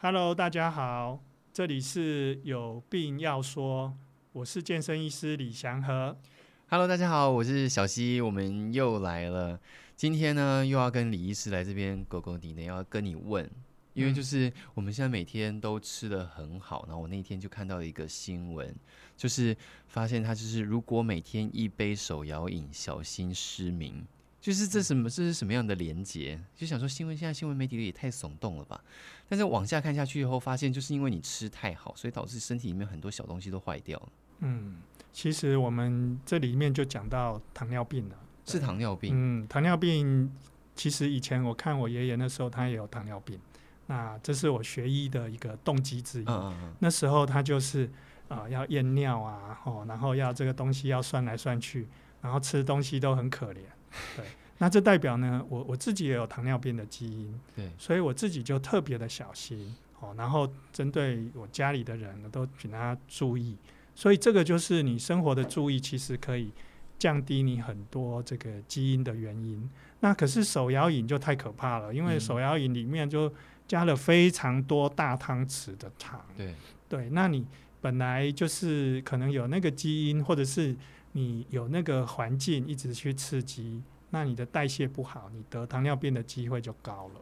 Hello，大家好，這裡是有病要說，我是健身醫師李祥和。Hello，大家好，我是小奚，我們又來了。今天呢，又要跟李醫師來這邊狗狗你呢要跟你問，因為就是我們現在每天都吃得很好，然後我那天就看到了一個新聞，就是發現他就是如果每天一杯手搖飲，小心失明。就是這什麼、嗯、這是什麼樣的連接？就想說，新聞現在新聞媒體也太聳動了吧。但是往下看下去以後，發現就是因為你吃太好，所以導致身體裡面很多小東西都壞掉了。嗯，其實我們這裡面就講到糖尿病了，是糖尿病。嗯，糖尿病其實以前我看我爺爺那時候他也有糖尿病，那這是我學醫的一個動機之一啊啊啊。那時候他就是啊、呃、要驗尿啊，哦，然後要這個東西要算來算去，然後吃東西都很可憐。 對，那這代表呢，我我自己也有糖尿病的基因，對，所以我自己就特別的小心哦。然後針對我家裡的人，我都請大家注意，所以這個就是你生活的注意，其實可以降低你很多這個基因的原因。那可是手搖飲就太可怕了，因為手搖飲裡面就加了非常多大湯匙的糖。嗯對，對。那你本來就是可能有那個基因，或者是。你有那個環境一直去刺激，那你的代謝不好，你得糖尿病的機會就高了。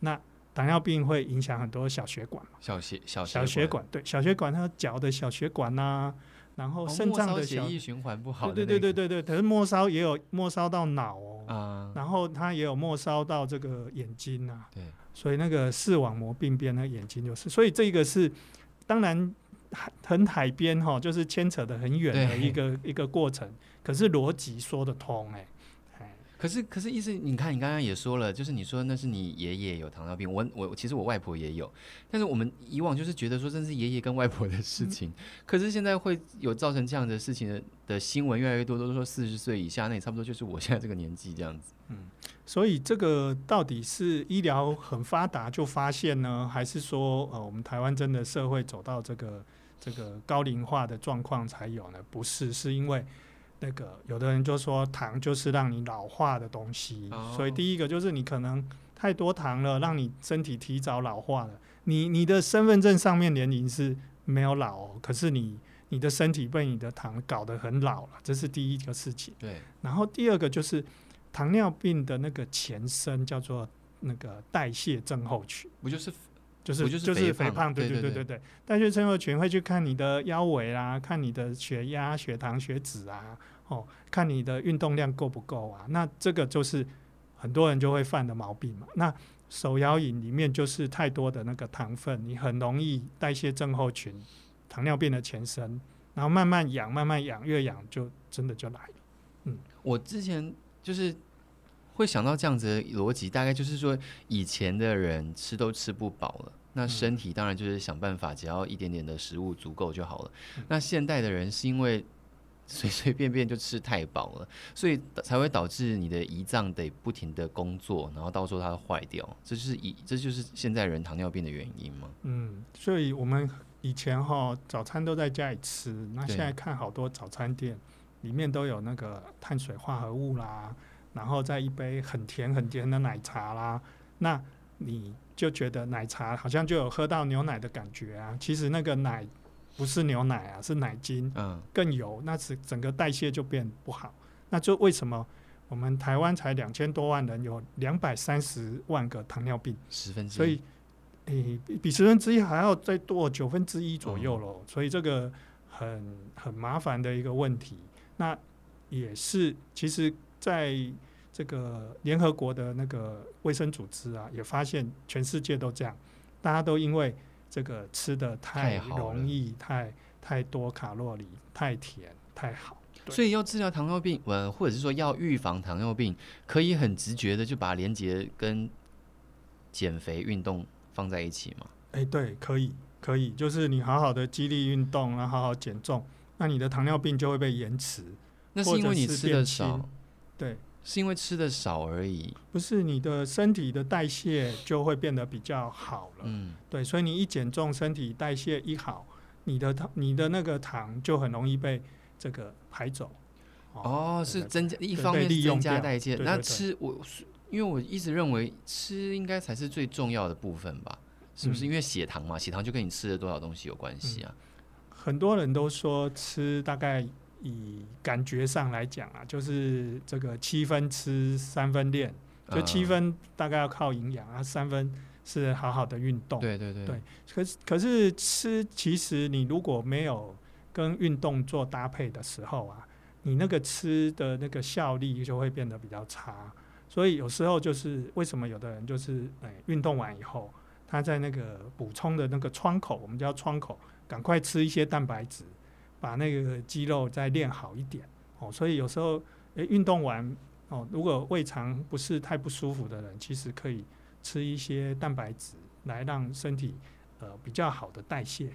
那糖尿病會影響很多小血管嘛，小血小血管對小血管，血管血管它腳的小血管吶、啊，然後腎臟的小、哦、血液循環不好、那個。對對對對對，可是末梢也有末梢到腦哦、嗯，然後它也有末梢到這個眼睛啊。對，所以那個視網膜病變，那眼睛就是。所以這個是，當然。很海邊哈，就是牽扯的很遠的一個一個過程，可是邏輯說得通哎、欸、可是可是意思，你看你剛剛也說了，就是你說那是你爺爺有糖尿病，我我其實我外婆也有，但是我們以往就是覺得說這是爺爺跟外婆的事情，嗯、可是現在會有造成這樣的事情的新聞越來越多，都說四十歲以下，那也差不多就是我現在這個年紀這樣子，嗯，所以這個到底是醫療很發達就發現呢，還是說呃我們台灣真的社會走到這個？這個高齡化的狀況才有呢，不是？是因為那個有的人就說糖就是讓你老化的東西，oh. 所以第一個就是你可能太多糖了，讓你身體提早老化了。你你的身份證上面年齡是沒有老，可是你你的身體被你的糖搞得很老了，這是第一個事情。對。然後第二個就是糖尿病的那個前身叫做那個代謝症候群，不就是？就是就是肥胖，就是肥胖，對對對對對，對對對。代謝症候群會去看你的腰圍啊，看你的血壓、血糖、血脂啊，哦，看你的運動量夠不夠啊。那這個就是很多人就會犯的毛病嘛。那手搖飲裡面就是太多的那個糖分，你很容易代謝症候群，糖尿病的前身，然後慢慢養，慢慢養，越養就真的就來了。嗯，我之前就是。會想到這樣子的邏輯，大概就是說，以前的人吃都吃不飽了，那身體當然就是想辦法，只要一點點的食物足夠就好了。嗯。那現代的人是因為隨隨便便就吃太飽了，所以才會導致你的胰臟得不停地工作，然後到時候它壞掉。這就是以這就是現在人糖尿病的原因嗎？嗯，所以我們以前哈、哦、早餐都在家裡吃，那現在看好多早餐店裡面都有那個碳水化合物啦。然後再一杯很甜很甜的奶茶啦，那你就覺得奶茶好像就有喝到牛奶的感覺啊。其實那個奶不是牛奶啊，是奶精，嗯，更油，那是整個代謝就變不好。那就為什麼我們台灣才兩千多萬人，有兩百三十萬個糖尿病，十分之一，所以比十分之一還要再多九分之一左右咯。嗯，所以這個很很麻煩的一個問題，那也是其實。在這個聯合國的那個衛生組織啊，也發現全世界都這樣，大家都因為這個吃的太容易，太太，太多卡路里、太甜、太好，所以要治療糖尿病，呃，或者是說要預防糖尿病，可以很直覺的就把連結跟減肥運動放在一起嘛？哎，欸，對，可以，可以，就是你好好的肌力運動，然後好好減重，那你的糖尿病就會被延遲，那是因為你吃的少。對，是因為吃的少而已。不是你的身體的代謝就會變得比較好了。嗯，對，所以你一減重，身體代謝一好，你的糖，你的那個糖就很容易被這個排走。哦，是增加，一方面增加的代謝，被利用掉，對對對。那吃，我因為我一直認為吃應該才是最重要的部分吧？是不是、嗯？因為血糖嘛，血糖就跟你吃了多少東西有關係啊、嗯。很多人都說吃大概。以感覺上來講啊，就是這個七分吃，三分練。就七分大概要靠營養、呃、啊，三分是好好的運動。對對對。對，可是可是吃，其實你如果沒有跟運動做搭配的時候啊，你那個吃的那個效力就會變得比較差。所以有時候就是為什麼有的人就是誒、運、欸、動完以後，他在那個補充的那個窗口，我們叫窗口，趕快吃一些蛋白質。把那個肌肉再練好一點哦，所以有時候誒、欸、運動完哦，如果胃腸不是太不舒服的人，其實可以吃一些蛋白質來讓身體呃比較好的代謝。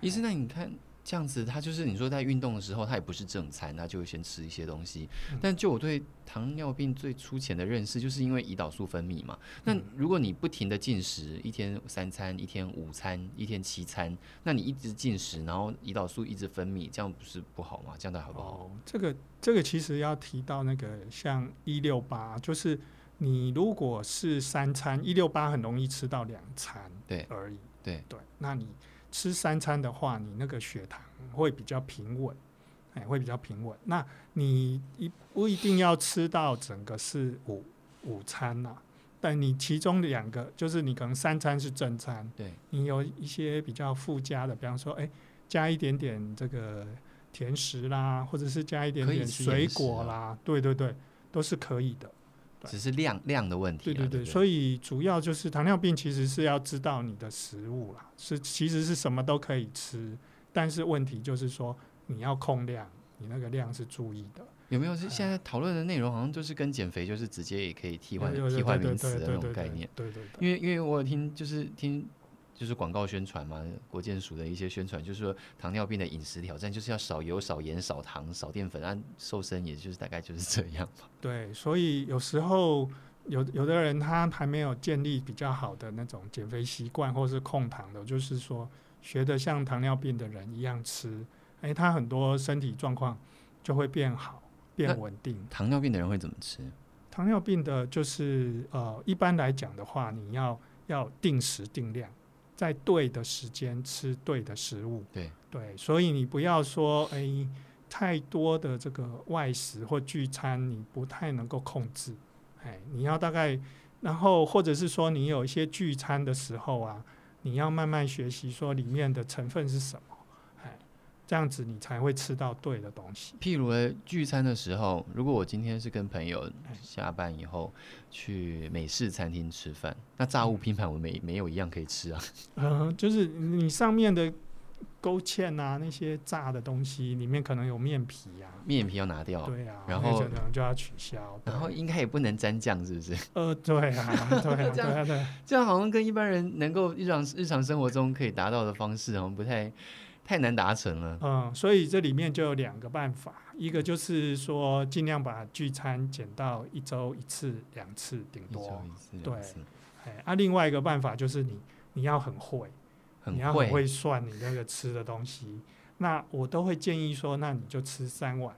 醫、嗯、生、呃，那你看。這樣子，他就是你說在運動的時候，他也不是正餐，那就先吃一些東西。嗯、但就我對糖尿病最粗淺的認識，就是因為胰島素分泌嘛、嗯。那如果你不停的進食，一天三餐、一天五餐、一天七餐，那你一直進食，然後胰島素一直分泌，這樣不是不好嗎？這樣的好不好？哦、這個這個其實要提到那個像一六八，就是你如果是三餐一六八，很容易吃到兩餐對而已，對對，對，那你。吃三餐的話，你那個血糖會比較平穩，哎，會比較平穩。那你一不一定要吃到整個是四五餐吶、啊，但你其中的兩個，就是你可能三餐是正餐，對你有一些比較附加的，比方說，哎，加一點點這個甜食啦，或者是加一點點水果啦，啊、對對對，都是可以的。只是量量的問題。對對對，對，對，所以主要就是糖尿病，其實是要知道你的食物啦，是其實是什麼都可以吃，但是問題就是說你要控量，你那個量是注意的。有沒有、呃、是現在討論的內容，好像就是跟減肥就是直接也可以替換替換名詞的那種概念？對對，對，對，對，對，對，對，因為因為我有聽就是聽。就是廣告宣傳嘛，國健署的一些宣傳，就是說糖尿病的飲食挑戰，就是要少油、少鹽、少糖、少澱粉，按、啊、瘦身，也就是大概就是這樣吧。對，所以有時候有有的人他還沒有建立比較好的那種減肥習慣，或是控糖的，就是說學的像糖尿病的人一樣吃，哎、欸，他很多身體狀況就會變好、變穩定。糖尿病的人會怎麼吃？糖尿病的就是呃，一般來講的話，你要要定時定量。在對的時間吃對的食物，對對，所以你不要說，哎，太多的這個外食或聚餐，你不太能夠控制，哎，你要大概，然後或者是說你有一些聚餐的時候啊，你要慢慢學習說裡面的成分是什麼。這樣子你才會吃到對的東西。譬如聚餐的時候，如果我今天是跟朋友下班以後去美式餐廳吃飯，那炸物拼盤我沒沒有一樣可以吃啊？嗯、呃，就是你上面的勾芡啊，那些炸的東西裡面可能有麵皮啊，麵皮要拿掉，對啊，然後可能就要取消，然後應該也不能沾醬，是不是？呃，對啊，對啊對，啊對，啊對，啊對啊，這樣這樣好像跟一般人能夠日常日常生活中可以達到的方式好像不太太難達成了。嗯，所以這裡面就有兩個辦法，一個就是說盡量把聚餐減到一周一次，次、兩次頂多。對，哎，啊、另外一個辦法就是你你要很會，很會，你要很會算你那個吃的東西。那我都會建議說，那你就吃三碗，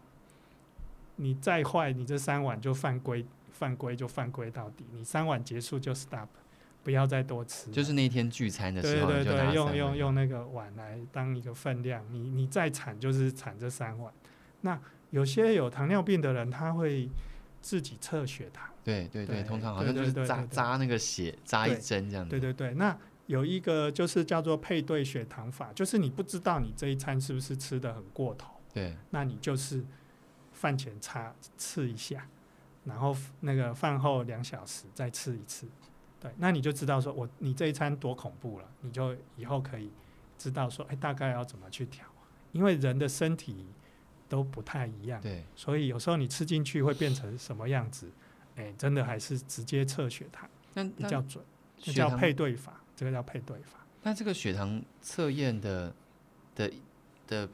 你再壞，你這三碗就犯規，犯規就犯規到底，你三碗結束就 stop。不要再多吃。就是那天聚餐的時候，對對對，用用用那個碗來當一個分量。你你再鏟就是鏟這三碗。那有些有糖尿病的人，他會自己測血糖。對對對，對，通常好像就是扎對對對對對扎那個血，扎一針這樣。對，對對對。那有一個就是叫做配對血糖法，就是你不知道你這一餐是不是吃得很過頭。對。那你就是飯前擦吃一下，然後那個飯後兩小時再吃一次。對，那你就知道說我，我你這一餐多恐怖了，你就以後可以知道說，哎，大概要怎麼去調啊，因為人的身體都不太一樣，對，所以有時候你吃進去會變成什麼樣子，哎，真的還是直接測血糖那那比較準，叫配對法，這個叫配對法。那這個血糖測驗的的的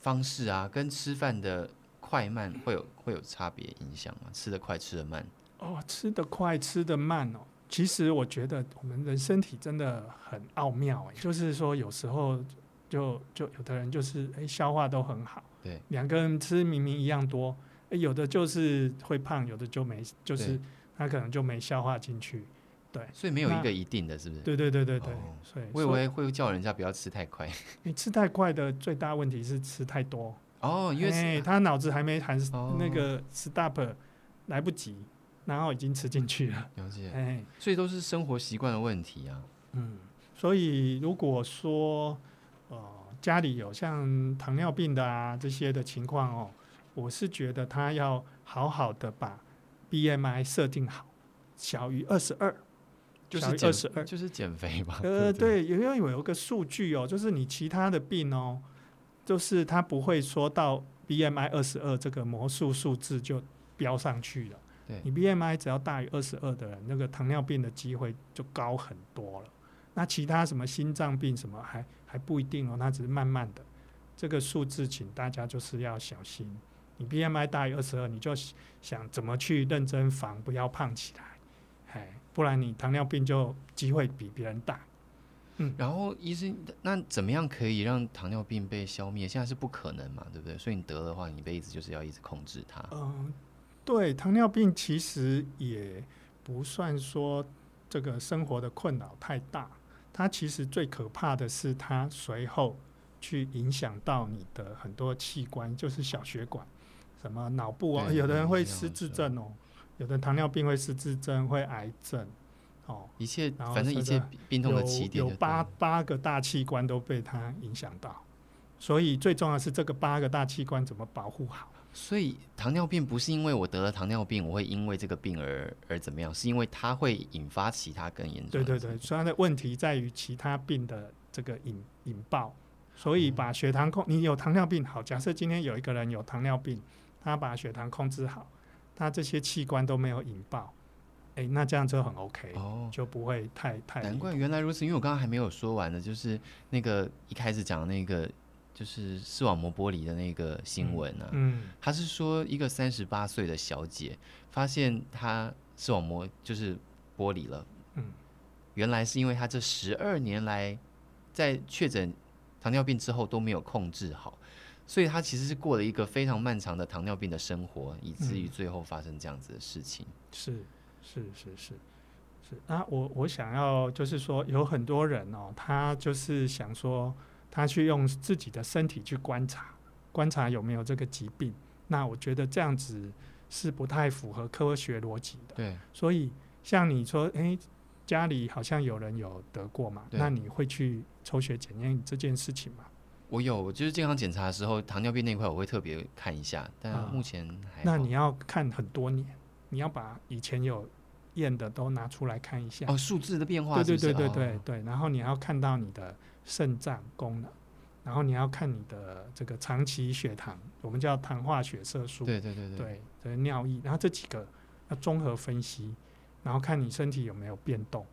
方式啊，跟吃飯的快慢會有會有差別影響嗎？吃得快，吃得慢？哦，吃得快，吃得慢哦。其實我覺得我們的身體真的很奧妙哎、欸，就是說有時候就就有的人就是誒、欸、消化都很好，對，兩個人吃明明一樣多，哎、欸、有的就是會胖，有的就沒，就是他可能就沒消化進去對，對，所以沒有一個一定的是不是？對對對對對，oh, 所以我以為會叫人家不要吃太快。你吃、, 欸、吃太快的最大問題是吃太多哦、oh, 欸，因為、啊、他腦子還沒喊那個 stop、oh. 來不及。然後已經吃進去了，了解、哎。所以都是生活習慣的問題啊。嗯，所以如果說呃家裡有像糖尿病的啊這些的情況哦，我是覺得他要好好的把 BMI 設定好，小於二十二，就是二十二，就是減肥吧。呃，對，有有有一個數據哦，就是你其他的病哦，就是他不會說到 BMI 二十二這個魔術數字就飆上去了。你 B M I 只要大於二十二的人，那個糖尿病的機會就高很多了。那其他什麼心臟病什麼還還不一定哦，那只是慢慢的。這個數字請大家就是要小心。你 B M I 大於二十二，你就想怎麼去認真防，不要胖起來，嘿，不然你糖尿病就機會比別人大。嗯。然後醫生，那怎麼樣可以讓糖尿病被消滅？現在是不可能嘛，對不對？所以你得的話，你一輩子就是要一直控制它。嗯、呃。對，糖尿病其實也不算說這個生活的困擾太大，它其實最可怕的是它隨後去影響到你的很多器官，就是小血管，什麼腦部啊、哦，有的人會失智症哦，嗯、有的糖尿病會失智症，會癌症哦，一切然後，反正一切病痛的起點，有八八個大器官都被它影響到，所以最重要是這個八個大器官怎麼保護好。所以糖尿病不是因為我得了糖尿病，我會因為這個病而而怎麼樣？是因為它會引發其他更嚴重的問題。對對對，所以它的問題在於其他病的這個引引爆。所以把血糖控，嗯、你有糖尿病好，假設今天有一個人有糖尿病，他把血糖控制好，他這些器官都沒有引爆，欸、那這樣就很 OK 哦，就不會太太。難怪原來如此，因為我剛剛還沒有說完呢，就是那個一開始講的那個。就是視網膜剝離的那個新聞啊，嗯，他是說一個三十八歲的小姐發現她視網膜就是剝離了，嗯，原來是因為她這十二年來在確診糖尿病之後都沒有控制好，所以她其實是過了一個非常漫長的糖尿病的生活，以至於最後發生這樣子的事情。嗯，是是是是是啊，那我我想要就是說有很多人哦，他就是想說。他去用自己的身體去觀察，觀察有沒有這個疾病。那我覺得這樣子是不太符合科學邏輯的。對。所以像你說，誒、哎，家裡好像有人有得過嘛，那你會去抽血檢驗這件事情嗎？我有，我就是健康檢查的時候，糖尿病那塊我會特別看一下，但目前還、啊。那你要看很多年，你要把以前有。變的都拿出來看一下哦，數字的變化是是對對對對對、哦、對，然後你要看到你的腎臟功能，然後你要看你的這個長期血糖，我們叫糖化血色素，對對對對，對、就是、尿液，然後這幾個要綜合分析，然後看你身體有沒有變動。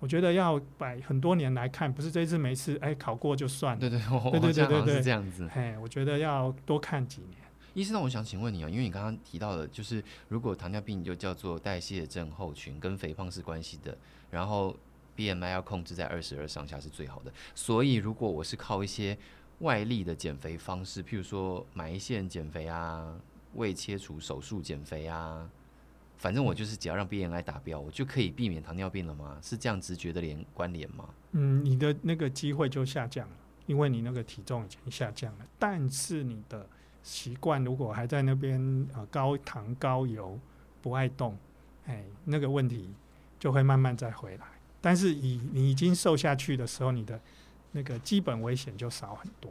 我覺得要擺很多年來看，不是這一次沒事哎、欸、考過就算了，對對對、哦、對對對對對，這樣，這樣子，哎，我覺得要多看幾年。醫生，那我想請問你啊，因為你剛剛提到的就是如果糖尿病就叫做代謝症候群，跟肥胖是關係的，然後 B M I 要控制在二十二上下是最好的。所以，如果我是靠一些外力的減肥方式，譬如說埋線減肥啊、胃切除手術減肥啊，反正我就是只要讓 B M I 達標，我就可以避免糖尿病了嗎？是這樣直覺的連關聯嗎？嗯，你的那個機會就下降了，因為你那個體重已經下降了，但是你的。習慣如果還在那邊，呃，高糖高油，不愛動，哎，那個問題就會慢慢再回來。但是以你已經瘦下去的時候，你的那個基本危險就少很多。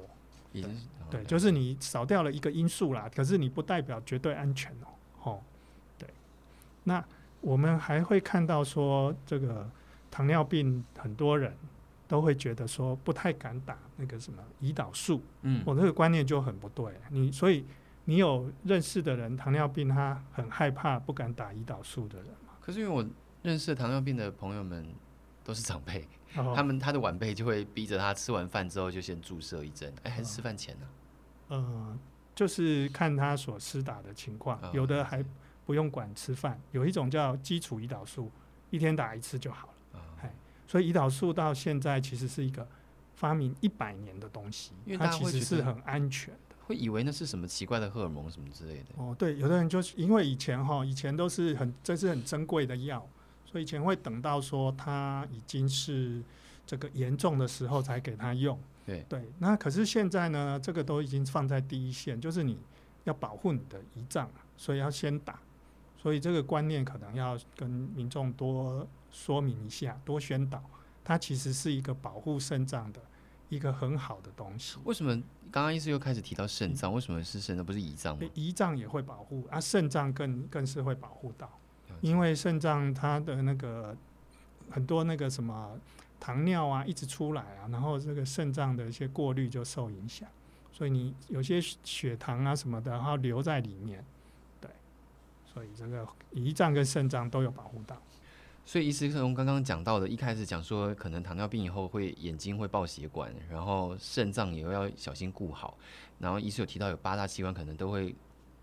對，Yes, okay. 對，就是你少掉了一個因素啦。可是你不代表絕對安全哦、喔。哦，對。那我們還會看到說，這個糖尿病很多人。都會覺得說不太敢打那個什麼胰島素，嗯，我這個觀念就很不對。你所以你有認識的人，糖尿病他很害怕不敢打胰島素的人嗎？可是因為我認識的糖尿病的朋友們都是長輩、嗯，他們他的晚輩就會逼着他吃完飯之後就先注射一針，哎，還是吃飯前呢？、啊？嗯、呃，就是看他所施打的情況、嗯，有的還不用管吃飯、嗯，有一種叫基礎胰島素，一天打一次就好了。所以胰島素到現在其實是一個發明一百年的東西，因為，它其實是很安全的。會以為那是什麼奇怪的荷爾蒙什麼之類的。哦，對，有的人就是因為以前哈，以前都是很，這是很珍貴的藥，所以以前會等到說它已經是這個嚴重的時候才給他用。對對，那可是現在呢，這個都已經放在第一線，就是你要保護你的胰臟，所以要先打。所以這個觀念可能要跟民眾多說明一下，多宣導，它其實是一個保護腎臟的一個很好的東西。為什麼剛剛醫師又開始提到腎臟？為什麼是腎臟？不是胰臟嗎？胰臟也會保護啊，腎臟更更是會保護到。因為腎臟它的那個很多那個什麼糖尿啊一直出來啊，然後這個腎臟的一些過濾就受影響，所以你有些血糖啊什麼的，然後留在裡面。所以這個胰臟跟腎臟都有保護到。所以醫師，我們剛剛講到的，一開始講說可能糖尿病以後會眼睛，會爆血管，然後腎臟也要小心顧好。然後醫師有提到有八大器官可能都會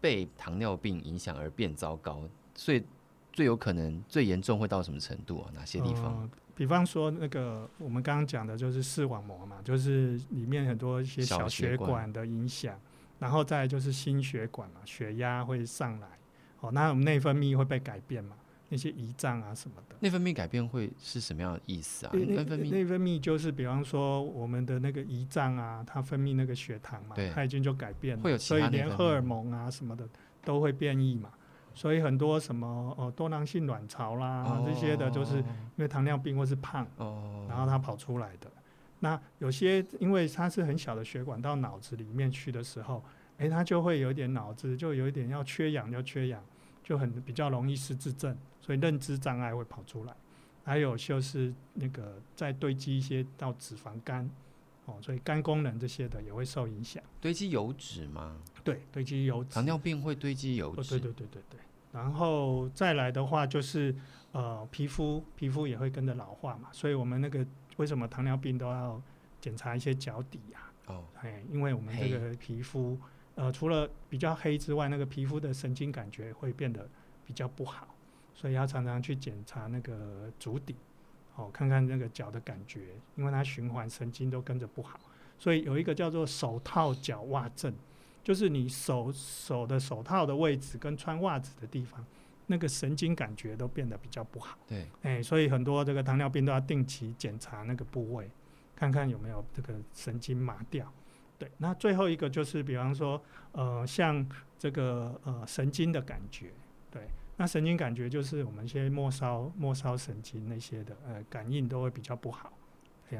被糖尿病影響而變糟糕，所以最有可能最嚴重會到什麼程度啊？哪些地方？呃，比方說那個我們剛剛講的就是視網膜嘛，就是裡面很多一些小血管的影響，然後再就是心血管嘛，血壓會上來。哦，那我們內分泌會被改變嘛？那些胰臟啊什麼的。內分泌改變會是什麼樣的意思啊？內分泌，內分泌就是比方說我們的那個胰臟啊，它分泌那個血糖嘛，它已經就改變了，所以連荷爾蒙啊什麼的都會變異嘛。所以很多什麼哦、呃，多囊性卵巢啦、哦、這些的，就是因為糖尿病或是胖、哦，然後它跑出來的。那有些因為它是很小的血管到腦子裡面去的時候，哎、欸，它就會有一點腦子就有一點要缺氧，要缺氧。就很比較容易失智症，所以認知障礙會跑出來。還有就是那個再堆積一些到脂肪肝，哦，所以肝功能這些的也會受影響。堆積油脂嗎？對，堆積油脂。糖尿病會堆積油脂？對、哦、對對對對。然後再來的話就是呃，皮膚皮膚也會跟着老化嘛，所以我們那個為什麼糖尿病都要檢查一些腳底呀、啊？哦，哎，因為我們這個皮膚。Hey. 呃，除了比較黑之外，那個皮膚的神經感覺會變得比較不好，所以要常常去檢查那個足底，哦，看看那個腳的感覺，因為它循環神經都跟着不好，所以有一個叫做手套腳襪症，就是你手手的手套的位置跟穿襪子的地方，那個神經感覺都變得比較不好。對，欸，所以很多這個糖尿病都要定期檢查那個部位，看看有沒有這個神經麻掉。那最後一個就是，比方說，呃，像這個呃神經的感覺，對，那神經感覺就是我們一些末梢末梢神經那些的，呃，感應都會比較不好，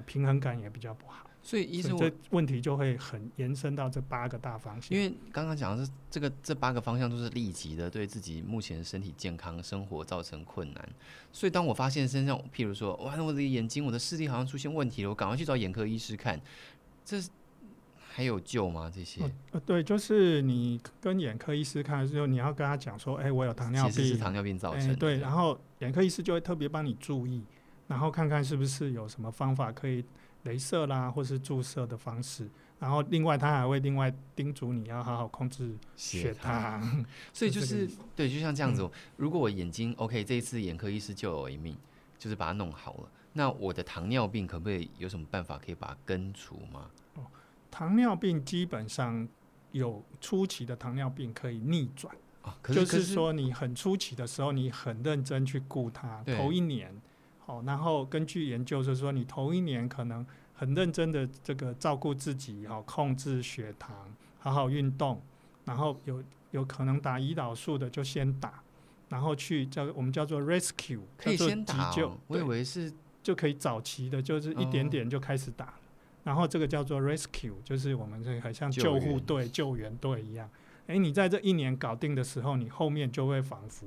平衡感也比較不好。所以醫生，這問題就會很延伸到這八個大方向。因為剛剛講的是這個這八個方向都是立即的，對自己目前身體健康生活造成困難。所以當我發現身上，譬如說，哇，我的眼睛我的視力好像出現問題了，我趕快去找眼科醫師看，這是。還有救嗎？這些、哦、呃，對，就是你跟眼科醫師看的時候，就是、你要跟他講說，哎、欸，我有糖尿病，是糖尿病造成的、欸。對，然後眼科醫師就會特別幫你注意，然後看看是不是有什麼方法可以，鐳射啦，或是注射的方式。然後另外他還會另外叮囑你要好好控制血糖。血糖 所以就是以、就是、對，就像這樣子，嗯、如果我眼睛 OK，這一次眼科醫師救我一命，就是把它弄好了。那我的糖尿病可不可以有什麼辦法可以把它根除嗎？哦。糖尿病基本上有初期的糖尿病可以逆轉、啊，就是說你很初期的時候，你很認真去顧它，頭一年，好、哦，然後根據研究就是說，你頭一年可能很認真的這個照顧自己，哈、哦，控制血糖，好好運動，然後有有可能打胰島素的就先打，然後去叫我們叫做 rescue，可以先打、哦、叫做急救，我以為是，以為是就可以早期的，就是一點點就開始打。哦。然後這個叫做 rescue，就是我們這個很像救護隊救、救援隊一樣。哎，你在這一年搞定的時候，你後面就會仿佛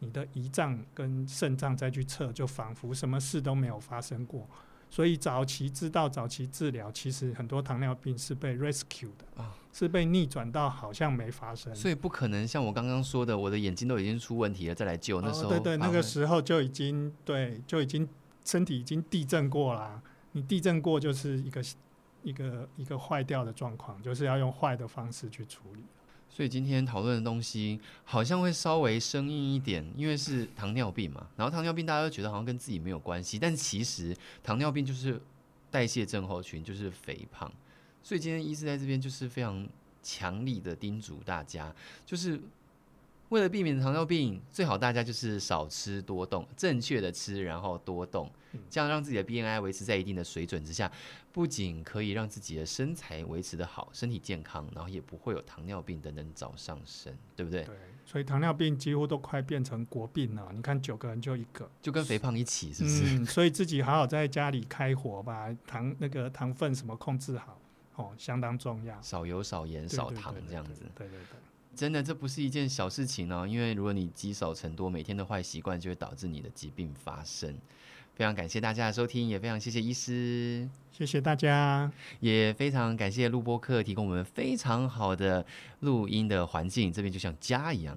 你的胰臟跟腎臟再去測，就仿佛什麼事都沒有發生過。所以早期知道、早期治療，其實很多糖尿病是被 rescue 的，哦、是被逆轉到好像沒發生。所以不可能像我剛剛說的，我的眼睛都已經出問題了，再來救那時候、哦。對對，那個時候就已經對，就已經身體已經地震過啦、啊。你地震過就是一個一個一個壞掉的狀況，就是要用壞的方式去處理。所以今天討論的東西好像會稍微生硬一點，因為是糖尿病嘛。然後糖尿病大家都覺得好像跟自己沒有關係，但其實糖尿病就是代謝症候群，就是肥胖。所以今天醫師在這邊就是非常強力的叮囑大家，就是。為了避免糖尿病，最好大家就是少吃多動，正確的吃，然後多動，這樣讓自己的 BMI 維持在一定的水準之下，不僅可以讓自己的身材維持得好，身體健康、然後也不會有糖尿病等等早上身，對不對？對，所以糖尿病幾乎都快變成國病了。你看九個人就一個，就跟肥胖一起，是不是、嗯？所以自己好好在家裡開火吧，糖那個糖分什麼控制好，哦，相當重要。少油、少鹽、少糖對對對對對對對對這樣子。對對對，對，對。真的，這不是一件小事情哦，因為如果你積少成多，每天的壞習慣就會導致你的疾病發生。非常感謝大家的收聽，也非常謝謝醫師，謝謝大家，也非常感謝錄播客提供我們非常好的錄音的環境，這邊就像家一樣。